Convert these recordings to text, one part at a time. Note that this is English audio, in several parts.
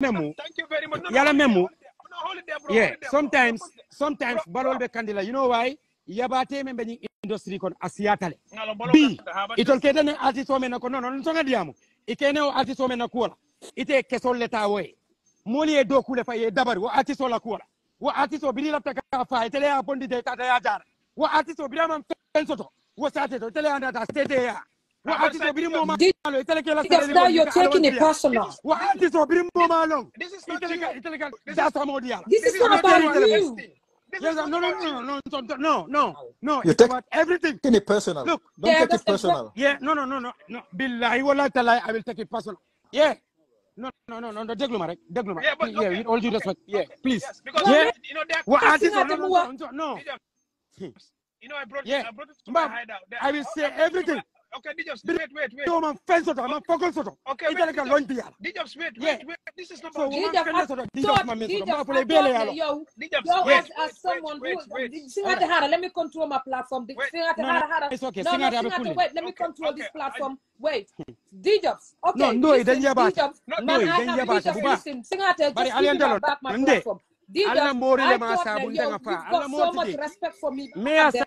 memo. Thank you very much. No, yala memo. yeah, holiday, sometimes, bro. sometimes, barol be You know why? Yabate men be industry kon asiatale. B, itol kete ne altito no, no, no. non tonga diamo. Ikene o altito men ko la. Ite kesol leta we. Moli e doku le fa ye dabar wo altito la ko Wo altito bili la taka fa itele ya bondi de tata ya jar. Wo altito bi man fensoto. Wo sate to itele ya ta state ya now you're taking it personal. This is not This is not about you. Yes, no, no, no, no, no, no, no, no. you take everything. it personal. Look, don't yeah, take it personal. Yeah, no, no, no, no, no. Billahi wala talai, I will take it personal. Yeah. No, no, no, no, no. right? Degluma. Yeah, but okay, yeah, with all due okay, respect. Okay, yeah, okay. please. Yes, because yeah. you know they are well, artists, no, no, You know I brought yeah. I brought it to my hideout. I will say everything. Okay, Dijops, wait, wait, wait. No, man, fence soto, man, focus soto. Okay, wait, Dijops. Lon diya. Dijops, wait, wait, wait. This is number one. Dijops, man, soto. Dijops, man, soto. Man, pule bele yalo. Dijops, wait, wait, as someone wait, who, wait. Sing at the hara, let me control my platform. Sing at the hara, hara. It's okay, sing at the hara, Wait, let me control this platform. Wait, Dijops, okay. No, no, it ain't yaba. No, it ain't yaba. Listen, sing at the, just give me back my platform. Dijops, I thought that yo, you've uh, got so much respect for me. Me asa.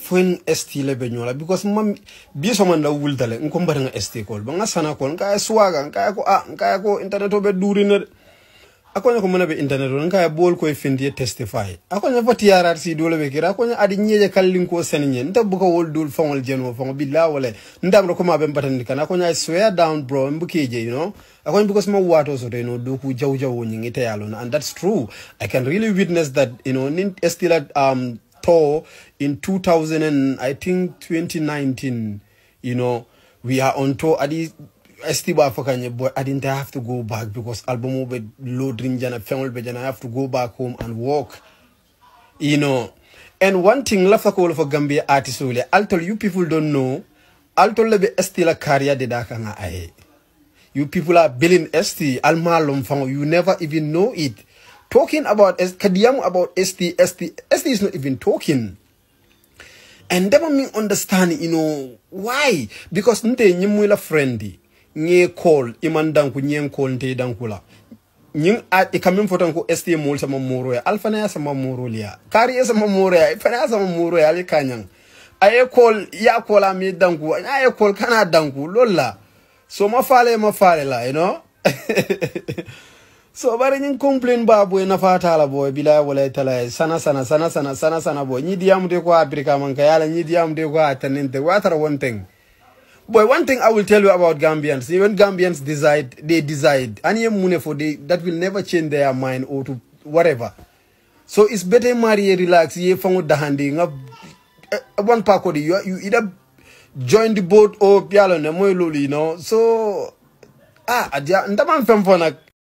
fuen st le be la because mam bi so man la wul dale nko mbar nga st ko ba nga sana ko nga swaga nga ko a nga ko internet be duri ne akonya ko manabe internet on nga bol ko e fendi e testify akonya voti rrc dole be kira akonya adi nyeje kallin ko senye nta buka wol dul fawol jeno fawo billa wala ndam ko ma be batandi kana akonya swear down bro mbukeje you know akonya because ma wato so de no doku jaw jaw nyingi tayalo and that's true i can really witness that you know nin stila um tour in 2000 and I think 2019. You know, we are on tour. At least I still Kanye, but I didn't have to go back because album over loading jana family but I have to go back home and work. You know. And one thing left a call for Gambia artists. I'll tell you people don't know. I'll tell you still a career de You people are billing ST, Alma Lomfang, you never even know it talking about Kadiamu about SD, SD, SD is not even talking. And that me understand, you know, why? Because nte nyimwila friendly. Nye call, iman danku, nye call nte dankula. Nying at ikamin fotan ko ST mol sama moro ya. Alpha na ya sama moro liya. Kari ya sama moro ya. Ifa na sama moro ya alikanyang. Aye call, ya call ami danku. Aye call kana danku, lola. So mafale mafale la, you know. so bari ñin complain ba boy nafa tala boy bila wala tala sana sana sana sana sana sana boy ñi diam de ko africa man ka yala ñi diam de ko atanin de water one thing boy one thing i will tell you about gambians Even gambians decide they decide Any money for they that will never change their mind or to whatever so it's better marry relax ye fango dahandi nga eh, one pack of you you either join the boat or pialo ne moy lolu you know so ah adia ndama fem fo nak